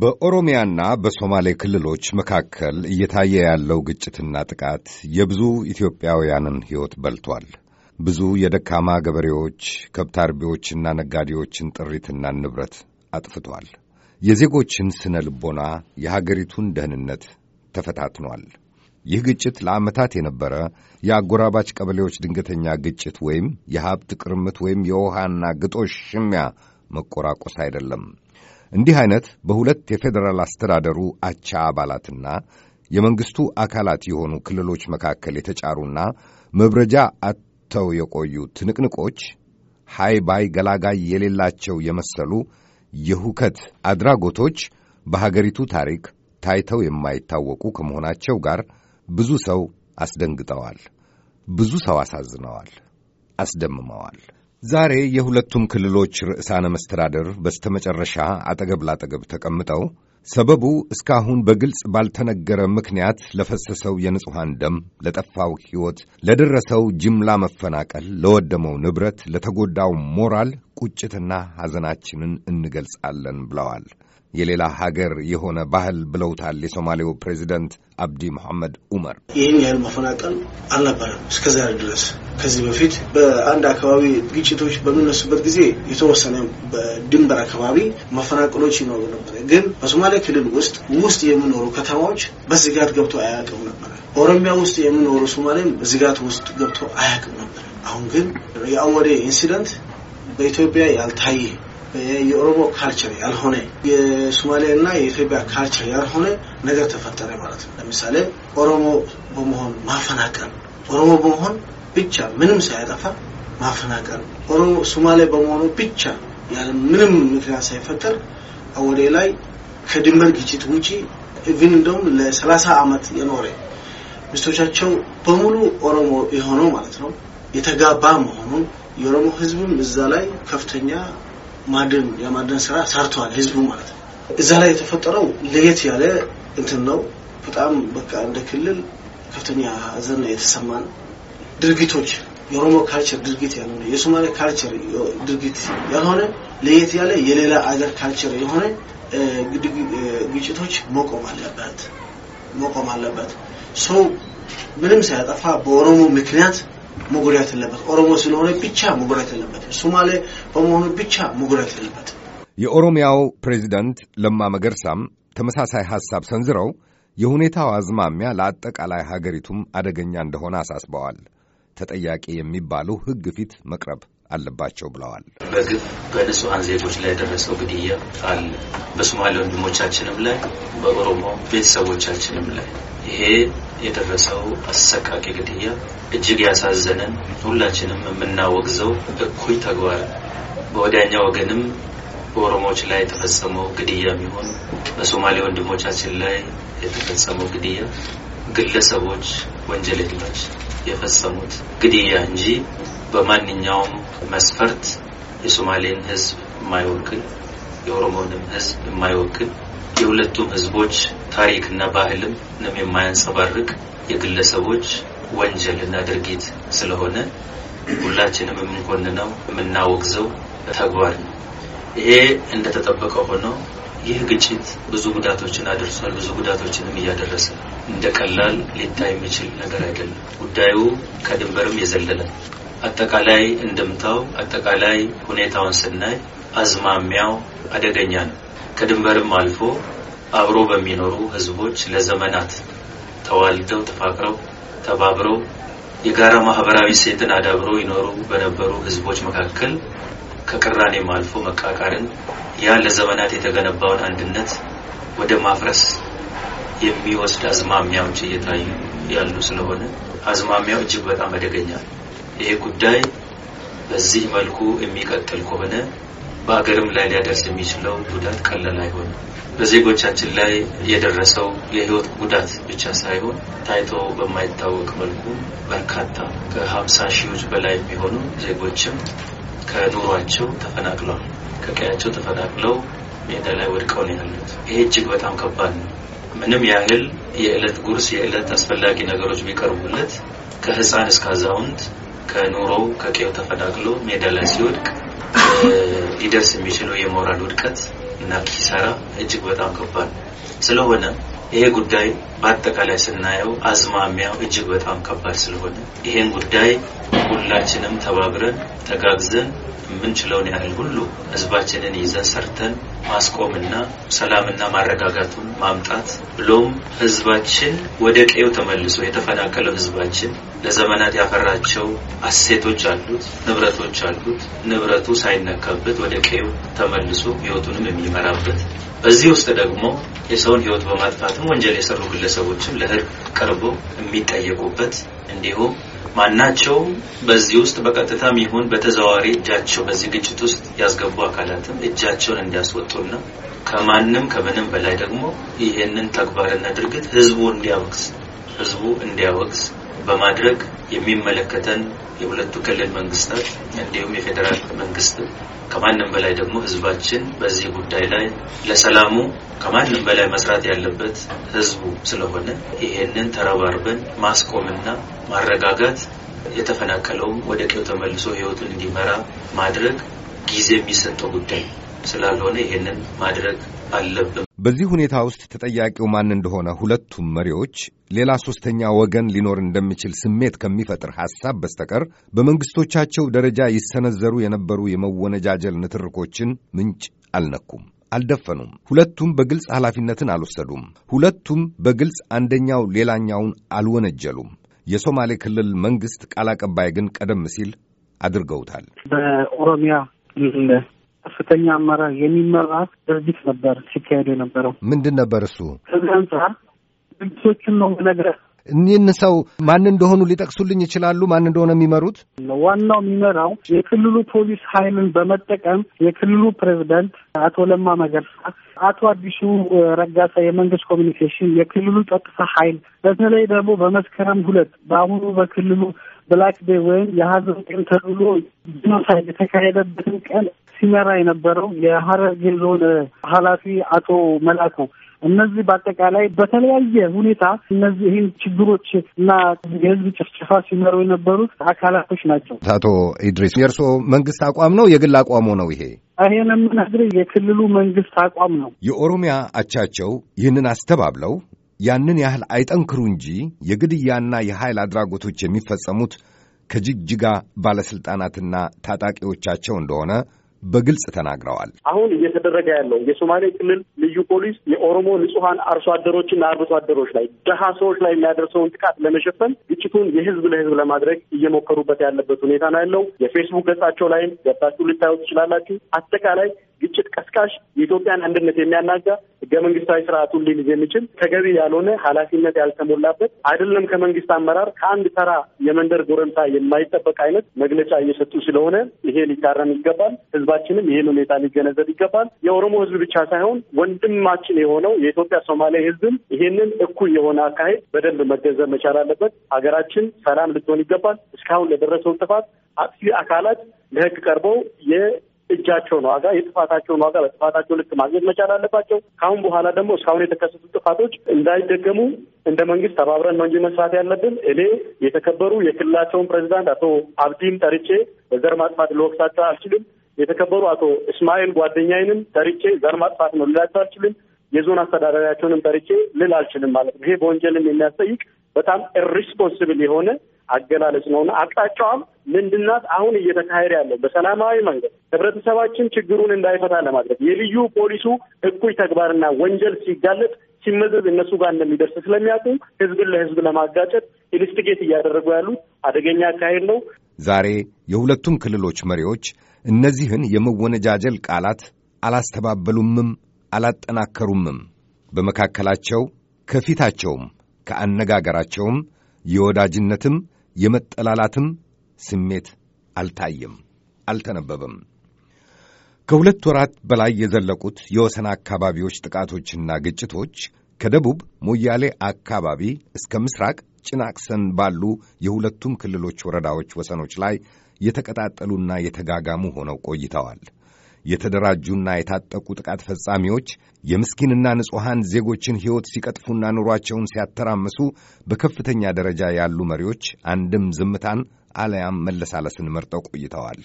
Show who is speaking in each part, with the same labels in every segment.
Speaker 1: በኦሮሚያና በሶማሌ ክልሎች መካከል እየታየ ያለው ግጭትና ጥቃት የብዙ ኢትዮጵያውያንን ሕይወት በልቷል። ብዙ የደካማ ገበሬዎች፣ ከብት አርቢዎችና ነጋዴዎችን ጥሪትና ንብረት አጥፍቷል። የዜጎችን ስነ ልቦና፣ የሀገሪቱን ደህንነት ተፈታትኗል። ይህ ግጭት ለዓመታት የነበረ የአጎራባች ቀበሌዎች ድንገተኛ ግጭት ወይም የሀብት ቅርምት ወይም የውሃና ግጦሽ ሽሚያ መቆራቆስ አይደለም። እንዲህ አይነት በሁለት የፌዴራል አስተዳደሩ አቻ አባላትና የመንግሥቱ አካላት የሆኑ ክልሎች መካከል የተጫሩና መብረጃ አጥተው የቆዩ ትንቅንቆች ሃይ ባይ ገላጋይ የሌላቸው የመሰሉ የሁከት አድራጎቶች በሀገሪቱ ታሪክ ታይተው የማይታወቁ ከመሆናቸው ጋር ብዙ ሰው አስደንግጠዋል፣ ብዙ ሰው አሳዝነዋል፣ አስደምመዋል። ዛሬ የሁለቱም ክልሎች ርዕሳነ መስተዳደር በስተመጨረሻ አጠገብ ላጠገብ ተቀምጠው ሰበቡ እስካሁን በግልጽ ባልተነገረ ምክንያት ለፈሰሰው የንጹሐን ደም፣ ለጠፋው ሕይወት፣ ለደረሰው ጅምላ መፈናቀል፣ ለወደመው ንብረት፣ ለተጎዳው ሞራል ቁጭትና ሐዘናችንን እንገልጻለን ብለዋል። የሌላ ሀገር የሆነ ባህል ብለውታል። የሶማሌው ፕሬዚደንት አብዲ መሐመድ ኡመር
Speaker 2: ይህን ያህል መፈናቀል አልነበረም እስከዛ ድረስ። ከዚህ በፊት በአንድ አካባቢ ግጭቶች በሚነሱበት ጊዜ የተወሰነ በድንበር አካባቢ መፈናቀሎች ይኖሩ ነበረ። ግን በሶማሌ ክልል ውስጥ ውስጥ የሚኖሩ ከተማዎች በስጋት ገብቶ አያውቅም ነበረ። ኦሮሚያ ውስጥ የሚኖሩ ሶማሌም በስጋት ውስጥ ገብቶ አያውቅም ነበረ። አሁን ግን የአወዴ ኢንሲደንት በኢትዮጵያ ያልታየ የኦሮሞ ካልቸር ያልሆነ የሶማሌና የኢትዮጵያ ካልቸር ያልሆነ ነገር ተፈጠረ ማለት ነው። ለምሳሌ ኦሮሞ በመሆን ማፈናቀል፣ ኦሮሞ በመሆን ብቻ ምንም ሳያጠፋ ማፈናቀል፣ ኦሮሞ ሶማሌ በመሆኑ ብቻ ያለ ምንም ምክንያት ሳይፈጠር አወሌ ላይ ከድንበር ግጭት ውጪ ኢቭን እንደውም ለሰላሳ አመት የኖረ ሚስቶቻቸው በሙሉ ኦሮሞ የሆነው ማለት ነው የተጋባ መሆኑን የኦሮሞ ህዝብም እዛ ላይ ከፍተኛ ማድን የማድን ስራ ሰርቷል ህዝቡ ማለት ነው። እዛ ላይ የተፈጠረው ለየት ያለ እንትን ነው። በጣም በቃ እንደ ክልል ከፍተኛ ሀዘን የተሰማን ድርጊቶች የኦሮሞ ካልቸር ድርጊት ያልሆነ የሶማሌ ካልቸር ድርጊት ያልሆነ ለየት ያለ የሌላ አገር ካልቸር የሆነ ግጭቶች መቆም አለበት መቆም አለበት። ሰው ምንም ሳያጠፋ በኦሮሞ ምክንያት መጎዳት የለበት። ኦሮሞ ስለሆነ ብቻ መጎዳት የለበት። ሶማሌ በመሆኑ ብቻ መጎዳት የለበት።
Speaker 1: የኦሮሚያው ፕሬዚደንት ለማ መገርሳም ተመሳሳይ ሐሳብ ሰንዝረው የሁኔታው አዝማሚያ ለአጠቃላይ ሀገሪቱም አደገኛ እንደሆነ አሳስበዋል። ተጠያቂ የሚባሉ ሕግ ፊት መቅረብ አለባቸው ብለዋል።
Speaker 3: በግብ በንጹሐን ዜጎች ላይ የደረሰው ግድያ አለ። በሶማሌ ወንድሞቻችንም ላይ፣ በኦሮሞ ቤተሰቦቻችንም ላይ ይሄ የደረሰው አሰቃቂ ግድያ እጅግ ያሳዘነን ሁላችንም የምናወግዘው እኩይ ተግባር በወዲያኛ ወገንም በኦሮሞዎች ላይ የተፈጸመው ግድያ የሚሆን በሶማሌ ወንድሞቻችን ላይ የተፈጸመው ግድያ ግለሰቦች ወንጀለኞች የፈጸሙት ግድያ እንጂ በማንኛውም መስፈርት የሶማሌን ህዝብ የማይወክል የኦሮሞንም ህዝብ የማይወክል የሁለቱም ህዝቦች ታሪክና ባህልም የማያንጸባርቅ የግለሰቦች ወንጀልና ድርጊት ስለሆነ ሁላችንም የምንኮንነው የምናወግዘው ተግባር ነው። ይሄ እንደተጠበቀ ሆኖ ይህ ግጭት ብዙ ጉዳቶችን አድርሷል። ብዙ ጉዳቶችንም እያደረሰ እንደ ቀላል ሊታይ የሚችል ነገር አይደለም። ጉዳዩ ከድንበርም የዘለለ አጠቃላይ እንድምታው አጠቃላይ ሁኔታውን ስናይ አዝማሚያው አደገኛ ነው። ከድንበርም አልፎ አብሮ በሚኖሩ ህዝቦች ለዘመናት ተዋልደው ተፋቅረው ተባብረው የጋራ ማህበራዊ ሴትን አዳብረው ይኖሩ በነበሩ ህዝቦች መካከል ከቅራኔም አልፎ መቃቃርን፣ ያ ለዘመናት የተገነባውን አንድነት ወደ ማፍረስ የሚወስድ አዝማሚያዎች እየታዩ ያሉ ስለሆነ አዝማሚያው እጅግ በጣም አደገኛ ነው። ይሄ ጉዳይ በዚህ መልኩ የሚቀጥል ከሆነ በሀገርም ላይ ሊያደርስ የሚችለው ጉዳት ቀላል አይሆንም። በዜጎቻችን ላይ የደረሰው የህይወት ጉዳት ብቻ ሳይሆን ታይቶ በማይታወቅ መልኩ በርካታ ከሀምሳ ሺዎች በላይ የሚሆኑ ዜጎችም ከኑሯቸው ተፈናቅለዋል። ከቀያቸው ተፈናቅለው ሜዳ ላይ ወድቀው ነው ያሉት። ይሄ እጅግ በጣም ከባድ ነው። ምንም ያህል የዕለት ጉርስ፣ የዕለት አስፈላጊ ነገሮች ቢቀርቡለት ከህፃን እስከ አዛውንት ከኑሮው ከቄው ተፈናቅሎ ሜዳ ላይ ሲወድቅ ሊደርስ የሚችለው የሞራል ውድቀት እና ኪሳራ እጅግ በጣም ከባድ ነው። ስለሆነ ይሄ ጉዳይ በአጠቃላይ ስናየው አዝማሚያው እጅግ በጣም ከባድ ስለሆነ ይሄን ጉዳይ ሁላችንም ተባብረን ተጋግዘን የምንችለውን ያህል ሁሉ ህዝባችንን ይዘን ሰርተን ማስቆምና ሰላምና ማረጋጋቱን ማምጣት ብሎም ህዝባችን ወደ ቀዬው ተመልሶ የተፈናቀለው ህዝባችን ለዘመናት ያፈራቸው አሴቶች አሉት፣ ንብረቶች አሉት። ንብረቱ ሳይነካበት ወደ ቀዬው ተመልሶ ህይወቱንም የሚመራበት በዚህ ውስጥ ደግሞ የሰውን ህይወት በማጥፋትም ወንጀል የሰሩ ግለሰቦችም ለህግ ቀርቦ የሚጠየቁበት እንዲሁም ማናቸውም በዚህ ውስጥ በቀጥታም ይሁን በተዘዋዋሪ እጃቸው በዚህ ግጭት ውስጥ ያስገቡ አካላትም እጃቸውን እንዲያስወጡና ከማንም ከምንም በላይ ደግሞ ይህንን ተግባርና ድርግት ህዝቡ እንዲያወግዝ ህዝቡ እንዲያወግዝ በማድረግ የሚመለከተን የሁለቱ ክልል መንግስታት እንዲሁም የፌዴራል መንግስት ከማንም በላይ ደግሞ ህዝባችን በዚህ ጉዳይ ላይ ለሰላሙ ከማንም በላይ መስራት ያለበት ህዝቡ ስለሆነ ይሄንን ተረባርበን ማስቆምና ማረጋጋት የተፈናቀለውም ወደ ቀዬው ተመልሶ ህይወቱን እንዲመራ ማድረግ ጊዜ የሚሰጠው ጉዳይ ስላልሆነ ይሄንን ማድረግ
Speaker 1: አለብን በዚህ ሁኔታ ውስጥ ተጠያቂው ማን እንደሆነ ሁለቱም መሪዎች ሌላ ሦስተኛ ወገን ሊኖር እንደሚችል ስሜት ከሚፈጥር ሐሳብ በስተቀር በመንግሥቶቻቸው ደረጃ ይሰነዘሩ የነበሩ የመወነጃጀል ንትርኮችን ምንጭ አልነኩም፣ አልደፈኑም። ሁለቱም በግልጽ ኃላፊነትን አልወሰዱም። ሁለቱም በግልጽ አንደኛው ሌላኛውን አልወነጀሉም። የሶማሌ ክልል መንግሥት ቃል አቀባይ ግን ቀደም ሲል አድርገውታል።
Speaker 4: በኦሮሚያ ከፍተኛ አመራር የሚመራ ድርጅት ነበር ሲካሄዱ የነበረው።
Speaker 1: ምንድን ነበር እሱ? ከዚህ አንጻር ድርጅቶችን ነው ነገር እኒህን ሰው ማን እንደሆኑ ሊጠቅሱልኝ ይችላሉ? ማን እንደሆነ የሚመሩት? ዋናው የሚመራው የክልሉ ፖሊስ
Speaker 4: ኃይልን በመጠቀም የክልሉ ፕሬዚዳንት አቶ ለማ መገርሳ፣ አቶ አዲሱ ረጋሳ የመንግስት ኮሚኒኬሽን፣ የክልሉ ጸጥታ ኃይል በተለይ ደግሞ በመስከረም ሁለት በአሁኑ በክልሉ ብላክ ዴይ ወይም የሀዘን ቀን ተብሎ ጂኖሳይድ የተካሄደበትን ቀን ሲመራ የነበረው የሀረርጌ ዞን ኃላፊ አቶ መላኩ እነዚህ በአጠቃላይ በተለያየ ሁኔታ እነዚህ ይህን ችግሮች እና የህዝብ ጭፍጭፋ ሲመሩ የነበሩት አካላቶች ናቸው።
Speaker 1: አቶ ኢድሪስ የእርስዎ መንግስት አቋም ነው የግል አቋሙ ነው? ይሄ ይህን የምነግርህ የክልሉ መንግስት አቋም ነው። የኦሮሚያ አቻቸው ይህንን አስተባብለው ያንን ያህል አይጠንክሩ እንጂ የግድያና የኃይል አድራጎቶች የሚፈጸሙት ከጅግጅጋ ባለሥልጣናትና ታጣቂዎቻቸው እንደሆነ በግልጽ ተናግረዋል።
Speaker 4: አሁን እየተደረገ ያለው የሶማሌ ክልል ልዩ ፖሊስ የኦሮሞ ንጹሐን አርሶ አደሮችና አርብቶ አደሮች ላይ ደሃ ሰዎች ላይ የሚያደርሰውን ጥቃት ለመሸፈን ግጭቱን የህዝብ ለህዝብ ለማድረግ እየሞከሩበት ያለበት ሁኔታ ነው ያለው። የፌስቡክ ገጻቸው ላይም ገብታችሁ ልታዩ ትችላላችሁ። አጠቃላይ ግጭት ቀስቃሽ የኢትዮጵያን አንድነት የሚያናጋ ህገ መንግስታዊ ስርዓቱን ሊልዝ የሚችል ተገቢ ያልሆነ ኃላፊነት ያልተሞላበት አይደለም ከመንግስት አመራር ከአንድ ተራ የመንደር ጎረምሳ የማይጠበቅ አይነት መግለጫ እየሰጡ ስለሆነ ይሄ ሊታረም ይገባል። ህዝባችንም ይህን ሁኔታ ሊገነዘብ ይገባል። የኦሮሞ ህዝብ ብቻ ሳይሆን ወንድማችን የሆነው የኢትዮጵያ ሶማሌ ህዝብም ይህንን እኩል የሆነ አካሄድ በደንብ መገንዘብ መቻል አለበት። ሀገራችን ሰላም ልትሆን ይገባል። እስካሁን ለደረሰውን ጥፋት አጥፊ አካላት ለህግ ቀርበው የእጃቸውን ዋጋ የጥፋታቸውን ዋጋ በጥፋታቸው ልክ ማግኘት መቻል አለባቸው። ከአሁን በኋላ ደግሞ እስካሁን የተከሰቱ ጥፋቶች እንዳይደገሙ እንደ መንግስት ተባብረን ነው እንጂ መስራት ያለብን። እኔ የተከበሩ የክልላቸውን ፕሬዚዳንት አቶ አብዲን ጠርቼ በዘር ማጥፋት ልወቅሳቸው አልችልም። የተከበሩ አቶ እስማኤል ጓደኛዬንም ጠርቼ ዘር ማጥፋት ነው ልላቸው አልችልም። የዞን አስተዳዳሪያቸውንም ጠርቼ ልል አልችልም ማለት ነው። ይሄ በወንጀልም የሚያስጠይቅ በጣም ኢሪስፖንስብል የሆነ አገላለጽ ነውና አቅጣጫዋም ምንድናት? አሁን እየተካሄደ ያለው በሰላማዊ መንገድ ህብረተሰባችን ችግሩን እንዳይፈታ ለማድረግ የልዩ ፖሊሱ እኩይ ተግባርና ወንጀል ሲጋለጥ ሲመዘዝ እነሱ ጋር እንደሚደርስ ስለሚያውቁ ህዝብን ለህዝብ ለማጋጨት ኢንስቲጌት እያደረጉ ያሉት አደገኛ አካሄድ ነው።
Speaker 1: ዛሬ የሁለቱም ክልሎች መሪዎች እነዚህን የመወነጃጀል ቃላት አላስተባበሉምም፣ አላጠናከሩምም። በመካከላቸው ከፊታቸውም ከአነጋገራቸውም የወዳጅነትም የመጠላላትም ስሜት አልታየም፣ አልተነበበም። ከሁለት ወራት በላይ የዘለቁት የወሰን አካባቢዎች ጥቃቶችና ግጭቶች ከደቡብ ሞያሌ አካባቢ እስከ ምስራቅ ጭናቅሰን ባሉ የሁለቱም ክልሎች ወረዳዎች ወሰኖች ላይ የተቀጣጠሉና የተጋጋሙ ሆነው ቆይተዋል። የተደራጁና የታጠቁ ጥቃት ፈጻሚዎች የምስኪንና ንጹሐን ዜጎችን ሕይወት ሲቀጥፉና ኑሯቸውን ሲያተራምሱ በከፍተኛ ደረጃ ያሉ መሪዎች አንድም ዝምታን አለያም መለሳለስን መርጠው ቆይተዋል።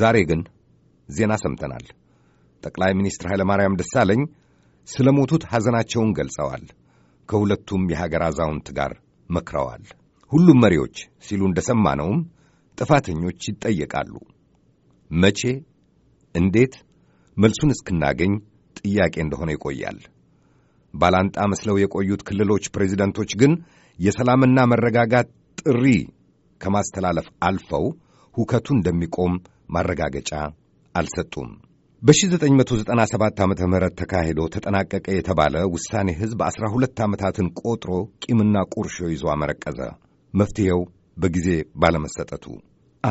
Speaker 1: ዛሬ ግን ዜና ሰምተናል። ጠቅላይ ሚኒስትር ኃይለማርያም ደሳለኝ ስለ ሞቱት ሐዘናቸውን ገልጸዋል። ከሁለቱም የሀገር አዛውንት ጋር መክረዋል። ሁሉም መሪዎች ሲሉ ነውም። ጥፋተኞች ይጠየቃሉ። መቼ፣ እንዴት መልሱን እስክናገኝ ጥያቄ እንደሆነ ይቆያል። ባላንጣ መስለው የቆዩት ክልሎች ፕሬዚደንቶች ግን የሰላምና መረጋጋት ጥሪ ከማስተላለፍ አልፈው ሁከቱ እንደሚቆም ማረጋገጫ አልሰጡም። በ1997 ዓ ም ተካሂዶ ተጠናቀቀ የተባለ ውሳኔ ሕዝብ ዐሥራ ሁለት ዓመታትን ቆጥሮ ቂምና ቁርሾ ይዞ አመረቀዘ። መፍትሔው በጊዜ ባለመሰጠቱ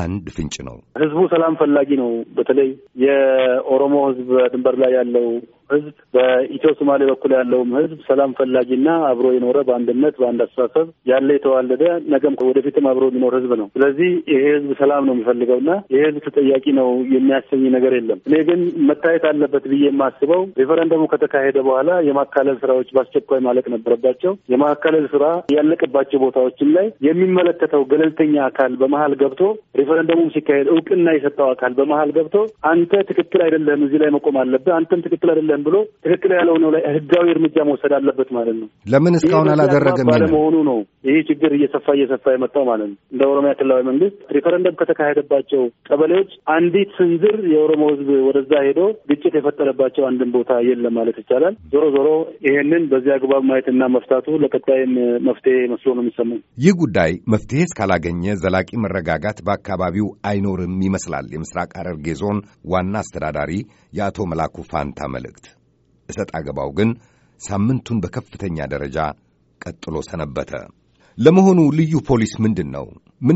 Speaker 1: አንድ ፍንጭ ነው።
Speaker 4: ህዝቡ ሰላም ፈላጊ ነው። በተለይ የኦሮሞ ህዝብ ድንበር ላይ ያለው ህዝብ በኢትዮ ሶማሌ በኩል ያለውም ህዝብ ሰላም ፈላጊና አብሮ የኖረ በአንድነት በአንድ አስተሳሰብ ያለ የተዋለደ ነገም ወደፊትም አብሮ የሚኖር ህዝብ ነው። ስለዚህ ይሄ ህዝብ ሰላም ነው የሚፈልገውና ይሄ ህዝብ ተጠያቂ ነው የሚያሰኝ ነገር የለም። እኔ ግን መታየት አለበት ብዬ የማስበው ሪፈረንደሙ ከተካሄደ በኋላ የማካለል ስራዎች በአስቸኳይ ማለቅ ነበረባቸው። የማካለል ስራ ያለቀባቸው ቦታዎችም ላይ የሚመለከተው ገለልተኛ አካል በመሀል ገብቶ ሪፈረንደሙም ሲካሄድ እውቅና የሰጠው አካል በመሀል ገብቶ አንተ ትክክል አይደለህም፣ እዚህ ላይ መቆም አለብህ፣ አንተም ትክክል አይደለህም አይደለም ብሎ ትክክል ያልሆነው ላይ ህጋዊ እርምጃ መውሰድ አለበት ማለት ነው።
Speaker 1: ለምን እስካሁን አላደረገም ባለመሆኑ
Speaker 4: ነው ይህ ችግር እየሰፋ እየሰፋ የመጣው ማለት ነው። እንደ ኦሮሚያ ክልላዊ መንግስት ሪፈረንደም ከተካሄደባቸው ቀበሌዎች አንዲት ስንዝር የኦሮሞ ህዝብ ወደዛ ሄዶ ግጭት የፈጠረባቸው አንድን ቦታ የለም ማለት ይቻላል። ዞሮ ዞሮ ይሄንን በዚህ አግባብ ማየትና መፍታቱ ለቀጣይም መፍትሄ መስሎ ነው የሚሰማኝ።
Speaker 1: ይህ ጉዳይ መፍትሄ እስካላገኘ ዘላቂ መረጋጋት በአካባቢው አይኖርም ይመስላል የምስራቅ ሐረርጌ ዞን ዋና አስተዳዳሪ የአቶ መላኩ ፋንታ መልእክት። እሰጥ አገባው ግን ሳምንቱን በከፍተኛ ደረጃ ቀጥሎ ሰነበተ። ለመሆኑ ልዩ ፖሊስ ምንድን ነው?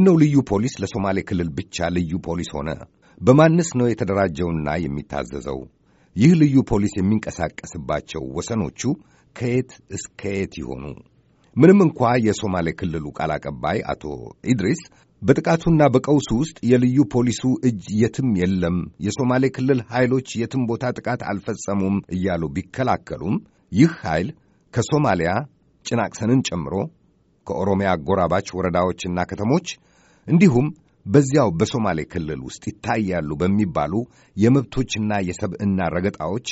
Speaker 1: ነው ልዩ ፖሊስ ለሶማሌ ክልል ብቻ ልዩ ፖሊስ ሆነ? በማንስ ነው የተደራጀውና የሚታዘዘው? ይህ ልዩ ፖሊስ የሚንቀሳቀስባቸው ወሰኖቹ ከየት እስከ የት ይሆኑ? ምንም እንኳ የሶማሌ ክልሉ ቃል አቀባይ አቶ ኢድሪስ በጥቃቱና በቀውሱ ውስጥ የልዩ ፖሊሱ እጅ የትም የለም፣ የሶማሌ ክልል ኃይሎች የትም ቦታ ጥቃት አልፈጸሙም እያሉ ቢከላከሉም ይህ ኃይል ከሶማሊያ ጭናቅሰንን ጨምሮ ከኦሮሚያ አጎራባች ወረዳዎችና ከተሞች እንዲሁም በዚያው በሶማሌ ክልል ውስጥ ይታያሉ በሚባሉ የመብቶችና የሰብዕና ረገጣዎች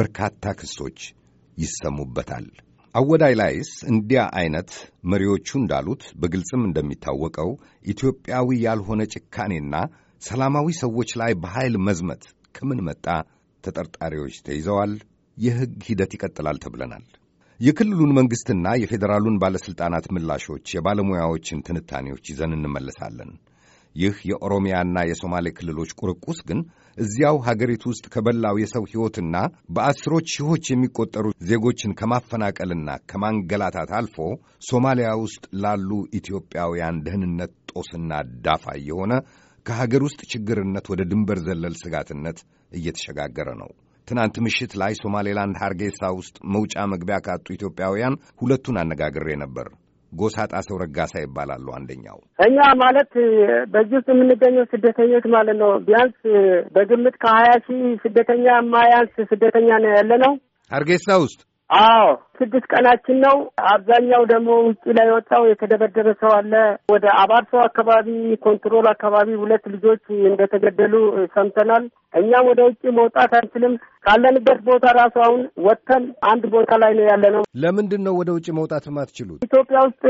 Speaker 1: በርካታ ክሶች ይሰሙበታል። አወዳይ ላይስ እንዲያ አይነት መሪዎቹ እንዳሉት በግልጽም እንደሚታወቀው ኢትዮጵያዊ ያልሆነ ጭካኔና ሰላማዊ ሰዎች ላይ በኃይል መዝመት ከምን መጣ? ተጠርጣሪዎች ተይዘዋል። የሕግ ሂደት ይቀጥላል ተብለናል። የክልሉን መንግሥትና የፌዴራሉን ባለሥልጣናት ምላሾች፣ የባለሙያዎችን ትንታኔዎች ይዘን እንመለሳለን። ይህ የኦሮሚያና የሶማሌ ክልሎች ቁርቁስ ግን እዚያው ሀገሪቱ ውስጥ ከበላው የሰው ሕይወትና በአስሮች ሺዎች የሚቆጠሩ ዜጎችን ከማፈናቀልና ከማንገላታት አልፎ ሶማሊያ ውስጥ ላሉ ኢትዮጵያውያን ደህንነት ጦስና ዳፋ የሆነ ከሀገር ውስጥ ችግርነት ወደ ድንበር ዘለል ስጋትነት እየተሸጋገረ ነው። ትናንት ምሽት ላይ ሶማሌላንድ ሃርጌሳ ውስጥ መውጫ መግቢያ ካጡ ኢትዮጵያውያን ሁለቱን አነጋግሬ ነበር። ጎሳ ጣሰው ረጋሳ ይባላሉ። አንደኛው
Speaker 5: እኛ ማለት በዚህ ውስጥ የምንገኘው ስደተኞች ማለት ነው። ቢያንስ በግምት ከሀያ ሺህ ስደተኛ ማያንስ ስደተኛ ነው ያለ ነው አርጌሳ ውስጥ አዎ ስድስት ቀናችን ነው። አብዛኛው ደግሞ ውጭ ላይ ወጣው የተደበደበ ሰው አለ። ወደ አባርሶ አካባቢ ኮንትሮል አካባቢ ሁለት ልጆች እንደተገደሉ ሰምተናል። እኛም ወደ ውጭ መውጣት አንችልም። ካለንበት ቦታ ራሱ አሁን ወጥተን አንድ ቦታ ላይ ነው ያለ ነው።
Speaker 1: ለምንድን ነው ወደ ውጭ መውጣት ማትችሉት?
Speaker 5: ኢትዮጵያ ውስጥ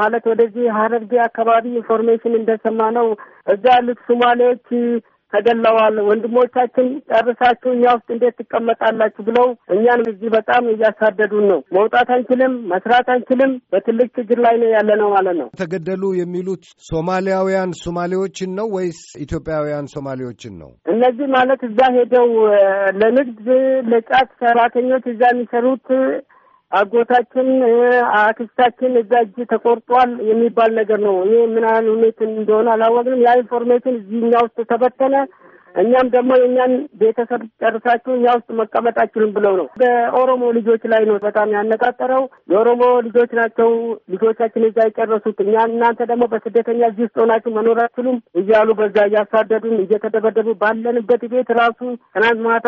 Speaker 5: ማለት ወደዚህ ሀረርጌ አካባቢ ኢንፎርሜሽን እንደሰማ ነው እዛ ያሉት ሶማሌዎች ተገለዋል። ወንድሞቻችን ጨርሳችሁ እኛ ውስጥ እንዴት ትቀመጣላችሁ ብለው እኛን እዚህ በጣም እያሳደዱን ነው። መውጣት አንችልም፣ መስራት አንችልም። በትልቅ ችግር ላይ ነው ያለ ነው ማለት ነው።
Speaker 1: ተገደሉ የሚሉት ሶማሊያውያን ሶማሌዎችን ነው ወይስ ኢትዮጵያውያን ሶማሌዎችን ነው?
Speaker 5: እነዚህ ማለት እዛ ሄደው ለንግድ ለጫት ሰራተኞች እዛ የሚሰሩት አጎታችን አክስታችን እዛ እጅ ተቆርጧል የሚባል ነገር ነው። ይህ ምን ያህል ሁኔት እንደሆነ አላወቅንም። ያ ኢንፎርሜሽን እዚህኛ ውስጥ ተበተነ። እኛም ደግሞ የእኛን ቤተሰብ ጨርሳችሁ እኛ ውስጥ መቀመጣችሁን ብለው ነው። በኦሮሞ ልጆች ላይ ነው በጣም ያነጣጠረው። የኦሮሞ ልጆች ናቸው ልጆቻችን እዛ የጨረሱት፣ እኛ እናንተ ደግሞ በስደተኛ እዚህ ውስጥ ሆናችሁ መኖር አትችሉም እያሉ በዛ እያሳደዱን እየተደበደቡ ባለንበት ቤት ራሱ ትናንት ማታ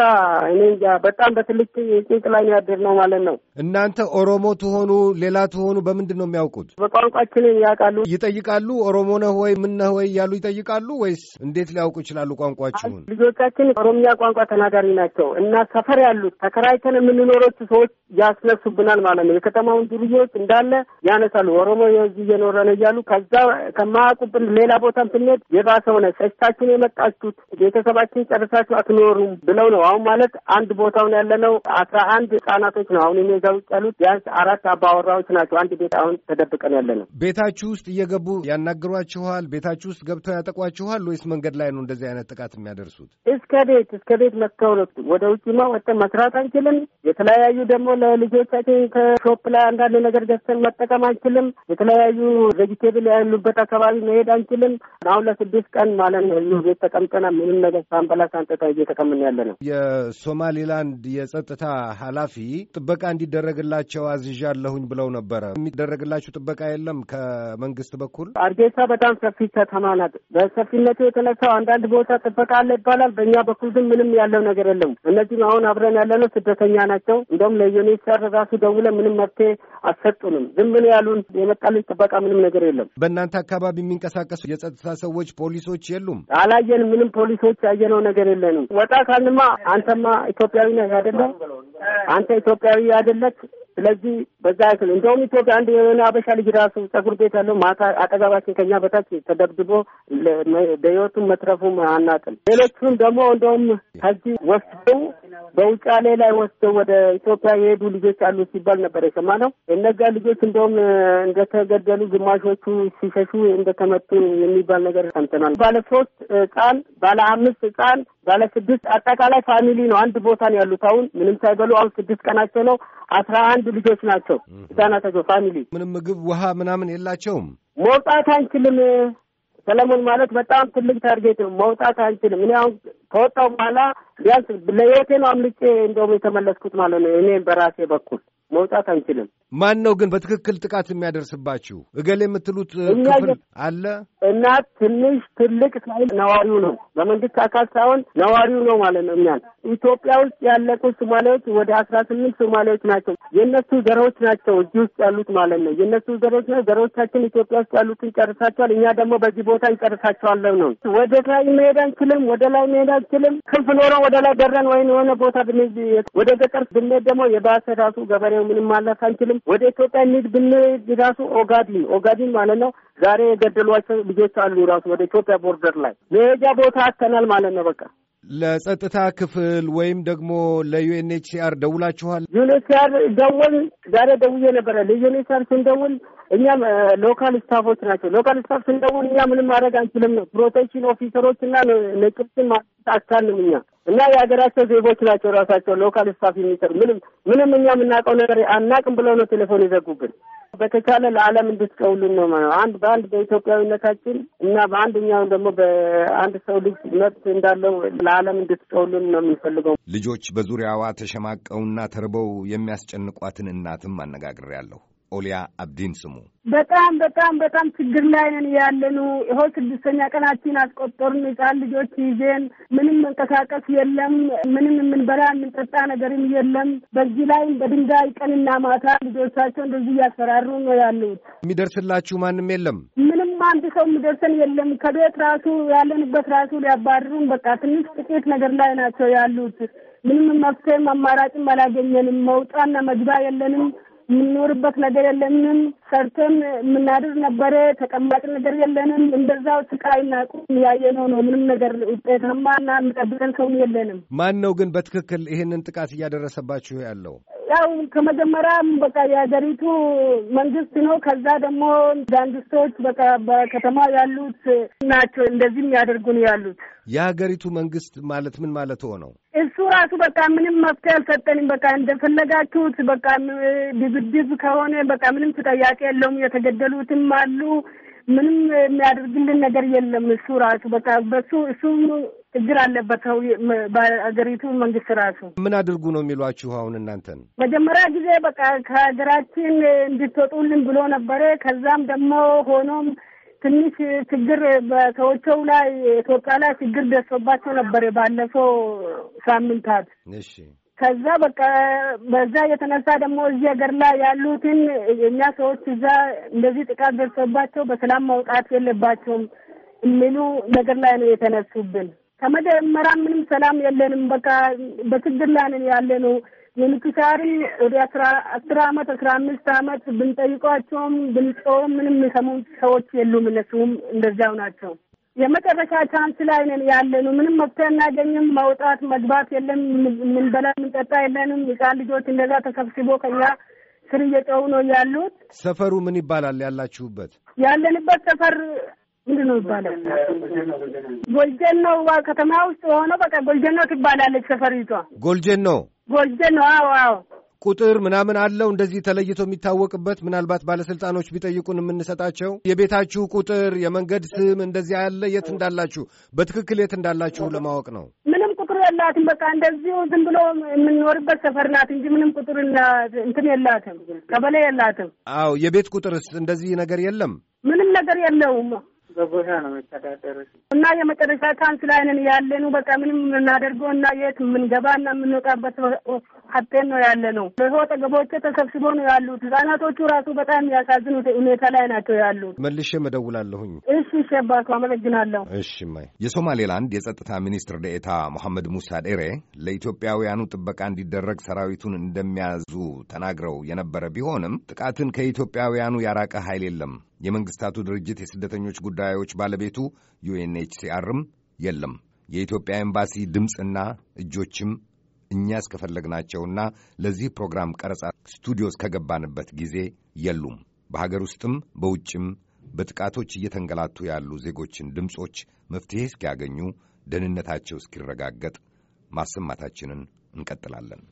Speaker 5: እኔ እንጃ በጣም በትልቅ ጭንቅ ላይ ነው ያደርነው ማለት
Speaker 1: ነው። እናንተ ኦሮሞ ትሆኑ ሌላ ትሆኑ በምንድን ነው የሚያውቁት? በቋንቋችንን ያውቃሉ። ይጠይቃሉ ኦሮሞ ነህ ወይ ምን ነህ ወይ እያሉ ይጠይቃሉ ወይስ እንዴት ሊያውቁ ይችላሉ ቋንቋችሁ? ልጆቻችን ኦሮሚያ ቋንቋ ተናጋሪ ናቸው እና ሰፈር ያሉት ተከራይተን የምንኖሮች ሰዎች
Speaker 5: ያስነሱብናል ማለት ነው። የከተማውን ዱርዬዎች እንዳለ ያነሳሉ። ኦሮሞ የዚህ እየኖረ ነው እያሉ ከዛ ከማያውቁብን ሌላ ቦታም ስንሄድ የባሰ ሆነ። ሸሽታችን የመጣችሁት ቤተሰባችን ጨርሳችሁ አትኖሩም ብለው ነው። አሁን ማለት አንድ ቦታውን ያለነው አስራ አንድ ህጻናቶች ነው። አሁን እኔ እዛ ውጭ ያሉት ቢያንስ አራት አባወራዎች ናቸው። አንድ ቤት አሁን ተደብቀን ያለ ነው።
Speaker 1: ቤታችሁ ውስጥ እየገቡ ያናግሯችኋል? ቤታችሁ ውስጥ ገብተው ያጠቋችኋል? ወይስ መንገድ ላይ ነው እንደዚህ አይነት ጥቃት የሚያደ የሚያደርሱት?
Speaker 5: እስከ ቤት እስከ ቤት መከውለት ወደ ውጭማ ወጥተን መስራት
Speaker 1: አንችልም። የተለያዩ ደግሞ
Speaker 5: ለልጆቻችን ከሾፕ ላይ አንዳንድ ነገር ገዝተን መጠቀም አንችልም። የተለያዩ ቬጅቴብል ያሉበት አካባቢ መሄድ አንችልም። አሁን ለስድስት ቀን ማለት ነው ህዝቡ ቤት ተቀምጠና ምንም ነገር ሳንበላ ሳንጠጣ እየተቀምን ያለ ነው።
Speaker 1: የሶማሌላንድ የጸጥታ ኃላፊ ጥበቃ እንዲደረግላቸው አዝዣለሁኝ ብለው ነበረ። የሚደረግላችሁ ጥበቃ የለም ከመንግስት በኩል? አርጌሳ በጣም ሰፊ ከተማ ናት። በሰፊነቱ የተነሳው አንዳንድ ቦታ ጥበቃ አለ ይባላል።
Speaker 5: በእኛ በኩል ግን ምንም ያለው ነገር የለም። እነዚህም አሁን አብረን ያለነው ስደተኛ ናቸው። እንደውም ለዩኒሰር ራሱ ደውለ ምንም መፍትሄ አልሰጡንም። ዝም ብሎ ያሉን የመጣልን ጥበቃ ምንም ነገር የለም። በእናንተ አካባቢ የሚንቀሳቀሱ
Speaker 1: የጸጥታ ሰዎች ፖሊሶች
Speaker 5: የሉም? አላየንም። ምንም ፖሊሶች ያየነው ነገር የለንም። ወጣ ካልንማ አንተማ ኢትዮጵያዊ ነህ አይደለም? አንተ ኢትዮጵያዊ አይደለች ስለዚህ በዛ ያክል እንደውም ኢትዮጵያ አንድ የሆነ አበሻ ልጅ ራሱ ጸጉር ቤት ያለው ማታ አጠገባችን ከኛ በታች ተደብድቦ በህይወቱም መትረፉም አናውቅም። ሌሎቹም ደግሞ እንደውም ከዚህ ወስደው በውጫሌ ላይ ወስደው ወደ ኢትዮጵያ የሄዱ ልጆች አሉ ሲባል ነበር የሰማነው። እነዚያ ልጆች እንደውም እንደተገደሉ ግማሾቹ ሲሸሹ እንደተመቱ የሚባል ነገር ሰምተናል። ባለ ሶስት ህጻን፣ ባለ አምስት ህጻን፣ ባለ ስድስት አጠቃላይ ፋሚሊ ነው አንድ ቦታ ነው ያሉት። አሁን ምንም ሳይበሉ አሁን ስድስት ቀናቸው ነው። አስራ አንድ ልጆች ናቸው ህጻናታቸው ፋሚሊ። ምንም ምግብ ውሃ ምናምን የላቸውም። መውጣት አንችልም ሰለሞን ማለት በጣም ትልቅ ታርጌት ነው። መውጣት አልችልም። እኔ አሁን ከወጣው በኋላ ቢያንስ ለየቴ ነው አምልጬ እንደውም የተመለስኩት ማለት ነው። እኔ በራሴ በኩል
Speaker 1: መውጣት አንችልም። ማን ነው ግን በትክክል ጥቃት የሚያደርስባችሁ? እገሌ የምትሉት ክፍል
Speaker 5: አለ እና ትንሽ ትልቅ ሳይል ነዋሪው ነው፣ በመንግስት አካል ሳይሆን ነዋሪው ነው ማለት ነው። እኛን ኢትዮጵያ ውስጥ ያለቁ ሶማሌዎች ወደ አስራ ስምንት ሶማሌዎች ናቸው። የእነሱ ዘሮች ናቸው እዚህ ውስጥ ያሉት ማለት ነው። የእነሱ ዘሮች ና ዘሮቻችን ኢትዮጵያ ውስጥ ያሉትን ጨርሳቸዋል። እኛ ደግሞ በዚህ ቦታ እንጨርሳቸዋለን ነው። ወደ ላይ መሄድ አንችልም። ወደ ላይ መሄድ አንችልም። ክንፍ ኖሮ ወደ ላይ ደረን ወይም የሆነ ቦታ ወደ ገጠር ብንሄድ ደግሞ የባሰ ራሱ ገበሬ ምንም ማለት አንችልም። ወደ ኢትዮጵያ እንሂድ ብንሄድ ራሱ ኦጋዲን ኦጋዲን ማለት ነው። ዛሬ የገደሏቸው ልጆች አሉ። ራሱ ወደ ኢትዮጵያ ቦርደር ላይ መሄጃ ቦታ አተናል ማለት ነው። በቃ
Speaker 1: ለጸጥታ ክፍል ወይም ደግሞ ለዩኤንኤችሲአር ደውላችኋል? ዩኤንኤችሲአር ደውል ዛሬ ደውዬ ነበረ። ለዩኤንኤችሲአር ስንደውል እኛም ሎካል ስታፎች ናቸው።
Speaker 5: ሎካል ስታፍ ስንደውል እኛ ምንም ማድረግ አንችልም። ፕሮቴክሽን ኦፊሰሮች እና ነጭብትን ማስት አካልም እኛ እና የሀገራቸው ዜጎች ናቸው ራሳቸው ሎካል ስታፍ የሚሰሩ ምንም ምንም እኛ የምናውቀው ነገር አናቅም ብለው ነው ቴሌፎን የዘጉብን። በተቻለ ለዓለም እንድትቀውልን ነው ማለት አንድ በአንድ በኢትዮጵያዊነታችን እና በአንደኛው ደግሞ በአንድ ሰው ልጅ መብት እንዳለው ለዓለም
Speaker 1: እንድትቀውልን ነው የሚፈልገው። ልጆች በዙሪያዋ ተሸማቀውና ተርበው የሚያስጨንቋትን እናትም አነጋግሬያለሁ። ኦሊያ አብዲን ስሙ።
Speaker 5: በጣም በጣም በጣም ችግር ላይ ነን ያለኑ። ይኸው ስድስተኛ ቀናችን አስቆጠሩን። ህጻን ልጆች ይዜን ምንም መንቀሳቀስ የለም። ምንም የምንበላ የምንጠጣ ነገርም የለም። በዚህ ላይም በድንጋይ ቀንና ማታ ልጆቻቸው እንደዚህ እያሰራሩ ነው ያሉት።
Speaker 1: የሚደርስላችሁ ማንም የለም።
Speaker 5: ምንም አንድ ሰው የሚደርሰን የለም። ከቤት ራሱ ያለንበት ራሱ ሊያባርሩን፣ በቃ ትንሽ ጥቂት ነገር ላይ ናቸው ያሉት። ምንም መፍትሄም አማራጭም አላገኘንም። መውጣና መግባ የለንም። የምንኖርበት ነገር የለንም። ሰርተን የምናድር ነበረ። ተቀማጭ ነገር የለንም። እንደዛው ስቃይና ቁም ያየነው ነው። ምንም ነገር ውጤታማና የሚጠብቀን ሰው የለንም።
Speaker 1: ማን ነው ግን በትክክል ይህንን ጥቃት እያደረሰባችሁ ያለው?
Speaker 5: ያው ከመጀመሪያም በቃ የሀገሪቱ መንግስት ነው። ከዛ ደግሞ ዳንግስቶች በቃ በከተማ ያሉት ናቸው እንደዚህ ያደርጉን ያሉት።
Speaker 1: የሀገሪቱ መንግስት ማለት ምን ማለት ሆነው
Speaker 5: እሱ ራሱ በቃ ምንም መፍትሄ አልሰጠንም። በቃ እንደፈለጋችሁት በቃ ድብድብ ከሆነ በቃ ምንም ተጠያቂ የለውም። የተገደሉትም አሉ። ምንም የሚያደርግልን ነገር የለም። እሱ ራሱ በቃ በሱ እሱ ችግር አለበት ሰው በሀገሪቱ መንግስት ራሱ
Speaker 1: ምን አድርጉ ነው የሚሏችሁ? አሁን እናንተን
Speaker 5: መጀመሪያ ጊዜ በቃ ከሀገራችን እንድትወጡልን ብሎ ነበረ። ከዛም ደግሞ ሆኖም ትንሽ ችግር በሰዎቸው ላይ ኢትዮጵያ ላይ ችግር ደርሶባቸው ነበር ባለፈው ሳምንታት። እሺ ከዛ በቃ በዛ የተነሳ ደግሞ እዚህ ሀገር ላይ ያሉትን እኛ ሰዎች እዛ እንደዚህ ጥቃት ደርሶባቸው በሰላም መውጣት የለባቸውም የሚሉ ነገር ላይ ነው የተነሱብን። ከመጀመሪያ ምንም ሰላም የለንም፣ በቃ በችግር ላይ ያለ ነው የምትሳሪ ወደ አስራ አመት አስራ አምስት አመት ብንጠይቋቸውም ብንጮውም ምንም የሰሙን ሰዎች የሉም። እነሱም እንደዚያው ናቸው። የመጨረሻ ቻንስ ላይ ነን ያለኑ። ምንም መፍትሄ እናገኝም። መውጣት መግባት የለም። ምንበላ ምንጠጣ የለንም። ህጻን ልጆች እንደዛ ተሰብስቦ ከኛ ስር እየጨው ነው ያሉት።
Speaker 1: ሰፈሩ ምን ይባላል ያላችሁበት?
Speaker 5: ያለንበት ሰፈር ምንድን ነው ይባላል? ጎልጀን ነው ከተማ ውስጥ የሆነው በቃ
Speaker 1: ጎልጀን ነው ትባላለች ሰፈሪቷ። ጎልጀን ነው ጎልደን ዋው አዎ ቁጥር ምናምን አለው እንደዚህ ተለይቶ የሚታወቅበት ምናልባት ባለስልጣኖች ቢጠይቁን የምንሰጣቸው የቤታችሁ ቁጥር፣ የመንገድ ስም እንደዚህ ያለ የት እንዳላችሁ በትክክል የት እንዳላችሁ ለማወቅ ነው። ምንም ቁጥር የላትም። በቃ እንደዚሁ ዝም ብሎ የምንኖርበት ሰፈር ናት እንጂ ምንም ቁጥር
Speaker 5: እንትን የላትም፣ ቀበሌ የላትም።
Speaker 1: አዎ የቤት ቁጥርስ እንደዚህ ነገር የለም፣
Speaker 5: ምንም ነገር የለውም።
Speaker 1: በቦታ ነው የሚተዳደሩት
Speaker 5: እና የመጨረሻ ቻንስ ላይ ነን ያለኑ። በቃ ምንም የምናደርገው እና የት የምንገባ እና የምንወጣበት አጤን ነው ያለ ነው። ለሰው አጠገቦቼ ተሰብስቦ ነው ያሉት። ህጻናቶቹ ራሱ በጣም ያሳዝኑት ሁኔታ ላይ ናቸው ያሉት።
Speaker 1: መልሼ መደውላለሁኝ።
Speaker 5: እሺ፣ ሸባቱ አመሰግናለሁ።
Speaker 1: እሺ ማይ የሶማሌላንድ የጸጥታ ሚኒስትር ደኤታ መሐመድ ሙሳ ዴሬ ለኢትዮጵያውያኑ ጥበቃ እንዲደረግ ሰራዊቱን እንደሚያዙ ተናግረው የነበረ ቢሆንም ጥቃትን ከኢትዮጵያውያኑ ያራቀ ኃይል የለም። የመንግስታቱ ድርጅት የስደተኞች ጉዳዮች ባለቤቱ ዩኤንኤችሲአርም የለም። የኢትዮጵያ ኤምባሲ ድምፅና እጆችም እኛ እስከፈለግናቸውና ለዚህ ፕሮግራም ቀረጻ ስቱዲዮ እስከገባንበት ጊዜ የሉም። በሀገር ውስጥም በውጭም በጥቃቶች እየተንገላቱ ያሉ ዜጎችን ድምፆች መፍትሄ እስኪያገኙ ደህንነታቸው እስኪረጋገጥ ማሰማታችንን እንቀጥላለን።